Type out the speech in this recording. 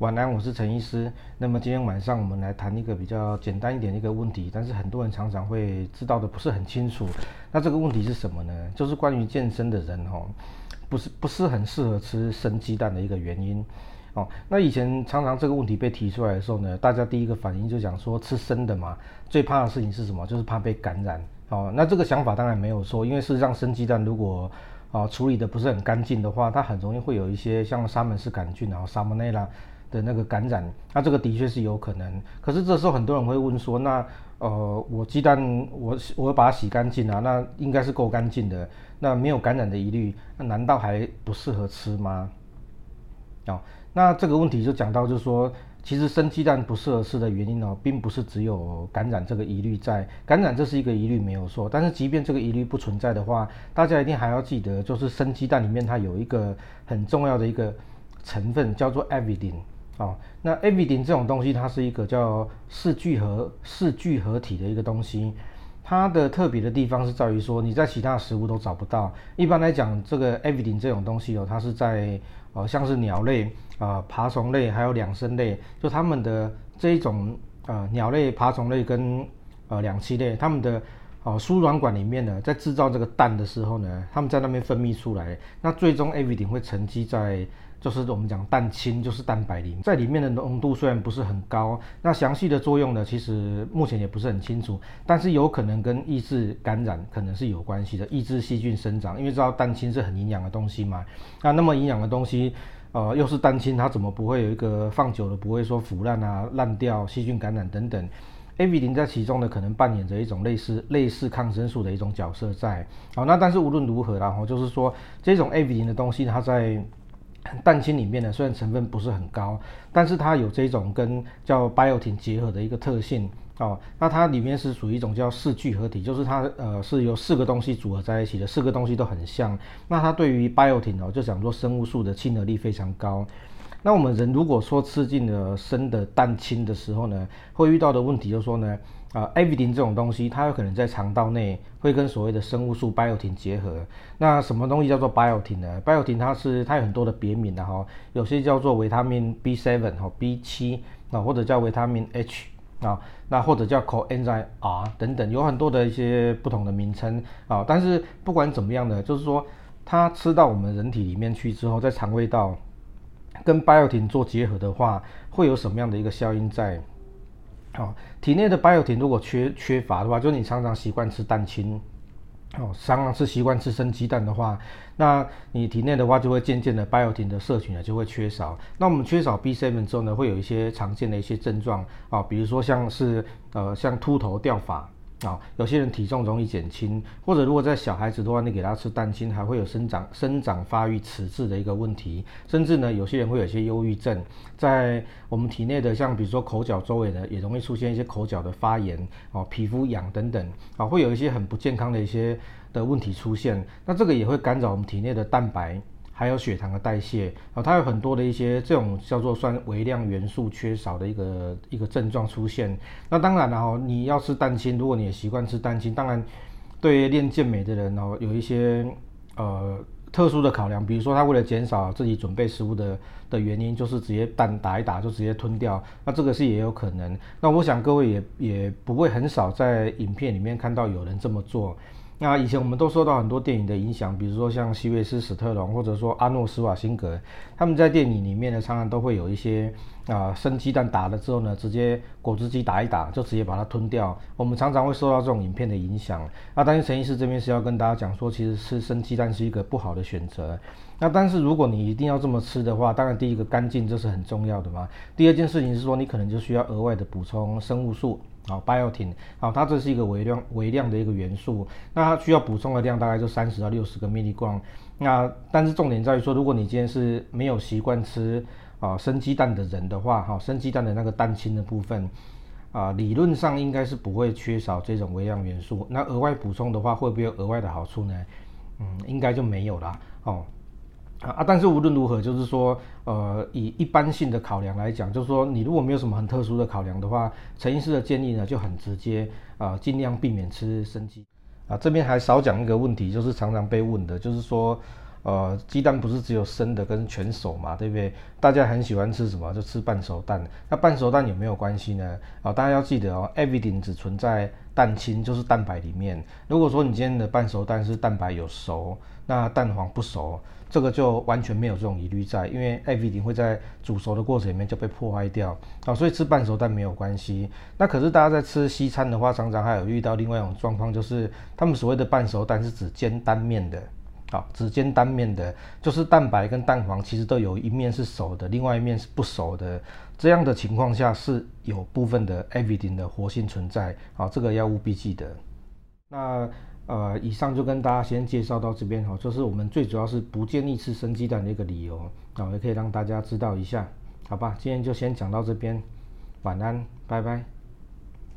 晚安，我是陳醫師。那麼今天晚上我們來談一個比較簡單一點的一個問題，但是很多人常常會知道的不是很清楚。那這個問題是什麼呢？就是關於健身的人哦，不是不是很適合吃生雞蛋的一個原因哦。那以前常常這個問題被提出來的時候呢，大家第一個反應就講說吃生的嘛，最怕的事情是什麼？就是怕被感染哦。那這個想法當然沒有錯，因為事實上生雞蛋如果啊處理得不是很乾淨的話，它很容易會有一些像沙門氏桿菌然後沙門內啦。的那個感染，那這個的確是有可能。可是這時候很多人會問說：那呃，我雞蛋我我把它洗乾淨啊，那應該是夠乾淨的，那沒有感染的疑慮，那難道還不適合吃嗎？哦，那這個問題就講到就是說，其實生雞蛋不適合吃的原因呢、哦，並不是只有感染這個疑慮在。感染這是一個疑慮沒有錯，但是即便這個疑慮不存在的話，大家一定還要記得，就是生雞蛋裡面它有一個很重要的一個成分叫做 avidin 啊、哦，那 avidin 這種東西，它是一個叫四聚合四聚合體的一個東西，它的特別的地方是在於說，你在其他的食物都找不到。一般來講，這個 avidin 這種東西哦，它是在、哦、像是鳥類啊、呃、爬蟲類還有兩生類，就它們的這一種呃鳥類、爬蟲類跟呃兩棲類，它們的。哦，輸卵管裡面呢，在製造這個蛋的時候呢，它們在那邊分泌出來，那最終 avidin 會沉積在，就是我們講蛋清，就是蛋白裡，在裡面的濃度雖然不是很高，那詳細的作用呢，其實目前也不是很清楚，但是有可能跟抑制感染可能是有關係的，抑制細菌生長，因為知道蛋清是很營養的東西嘛，那那麼營養的東西，呃，又是蛋清，它怎麼不會有一個放久了不會說腐爛啊、爛掉、細菌感染等等？A B 零在其中呢，可能扮演着一種類似類似抗生素的一種角色在。好、哦，那但是無論如何啦，然後就是說這種 A B 零的東西，它在蛋清裡面呢，雖然成分不是很高，但是它有這種跟叫 biotin 結合的一個特性。哦，那它裡面是屬於一種叫四聚合體，就是它呃是由四個東西組合在一起的，四個東西都很像。那它對於 biotin 哦，就講說生物素的親和力非常高。那我們人如果說吃進了生的蛋清的時候呢，會遇到的問題就是說呢，啊，艾維丁這種東西，它有可能在腸道內會跟所謂的生物素 （biotin） 結合。那什麼東西叫做 biotin 呢？biotin 它是它有很多的別名的、啊、哈，有些叫做維他命 B7 哈 B7 啊，或者叫維他命 H 啊，那或者叫 coenzyme R 等等，有很多的一些不同的名稱啊。但是不管怎麼樣呢，就是說它吃到我們人體裡面去之後，在腸胃道。跟 biotin 做結合的話，會有什麼樣的一個效應在？哦，體內的 biotin 如果缺缺乏的話，就是你常常習慣吃蛋清，哦，常常是習慣吃生雞蛋的話，那你體內的話就會漸漸的 biotin 的社群呢就會缺少。那我們缺少 B7 之後呢，會有一些常見的一些症狀啊，哦，比如說像是呃，像禿頭掉髮。啊、哦，有些人體重容易減輕，或者如果在小孩子的話，你給他吃蛋清，還會有生長、生長發育遲滯的一個問題，甚至呢，有些人會有些憂鬱症，在我們體內的像比如說口角周圍呢，也容易出現一些口角的發炎，哦，皮膚癢等等，啊、哦，會有一些很不健康的一些的問題出現，那這個也會干擾我們體內的蛋白。還有血糖的代謝，哦，它有很多的一些這種叫做酸微量元素缺少的一個一個症狀出現。那當然了，哦，你要吃蛋清，如果你也習慣吃蛋清，當然，對於練健美的人，哦，有一些呃特殊的考量，比如說他為了減少自己準備食物的的原因，就是直接蛋打一打就直接吞掉，那這個是也有可能。那我想各位也也不會很少在影片裡面看到有人這麼做。那以前我們都受到很多電影的影響，比如說像席維斯·史特龍，或者說阿諾·施瓦辛格，他們在電影裡面呢，常常都會有一些啊、呃、生雞蛋打了之後呢，直接果汁機打一打，就直接把它吞掉。我們常常會受到這種影片的影響。那當然，陳醫師這邊是要跟大家講說，其實吃生雞蛋是一個不好的選擇。那但是如果你一定要這麼吃的話，當然第一個乾淨這是很重要的嘛。第二件事情是說，你可能就需要額外的補充生物素。好，Biotin，好，它這是一個微量微量的一個元素，那它需要補充的量大概就三十到六十個 milligram，那但是重點在於說，如果你今天是沒有習慣吃啊生雞蛋的人的話，哈、啊，生雞蛋的那個蛋清的部分，啊，理論上應該是不會缺少這種微量元素，那額外補充的話會不會有額外的好處呢？嗯，應該就沒有啦，哦。啊，但是無論如何，就是說，呃，以一般性的考量來講，就是說，你如果沒有什麼很特殊的考量的話，陳醫師的建議呢就很直接啊，呃，儘量避免吃生雞。啊，這邊還少講一個問題，就是常常被問的，就是說。呃，雞蛋不是只有生的跟全熟嘛，對不對？大家很喜歡吃什麼就吃半熟蛋，那半熟蛋有沒有關係呢？啊、哦，大家要記得哦 Avidin 只存在蛋清，就是蛋白裡面。如果說你今天的半熟蛋是蛋白有熟，那蛋黃不熟，這個就完全沒有這種疑慮在，因為 Avidin 會在煮熟的過程裡面就被破壞掉啊、哦，所以吃半熟蛋沒有關係。那可是大家在吃西餐的話，常常還有遇到另外一種狀況，就是他們所謂的半熟蛋是指煎單面的。好，只煎單面的，就是蛋白跟蛋黃其實都有一面是熟的，另外一面是不熟的。這樣的情況下是有部分的 avidin 的活性存在。好，這個要務必記得。那呃，以上就跟大家先介紹到這邊哈，就是我們最主要是不建議吃生雞蛋的一個理由。那我也可以讓大家知道一下，好吧？今天就先講到這邊，晚安，拜拜。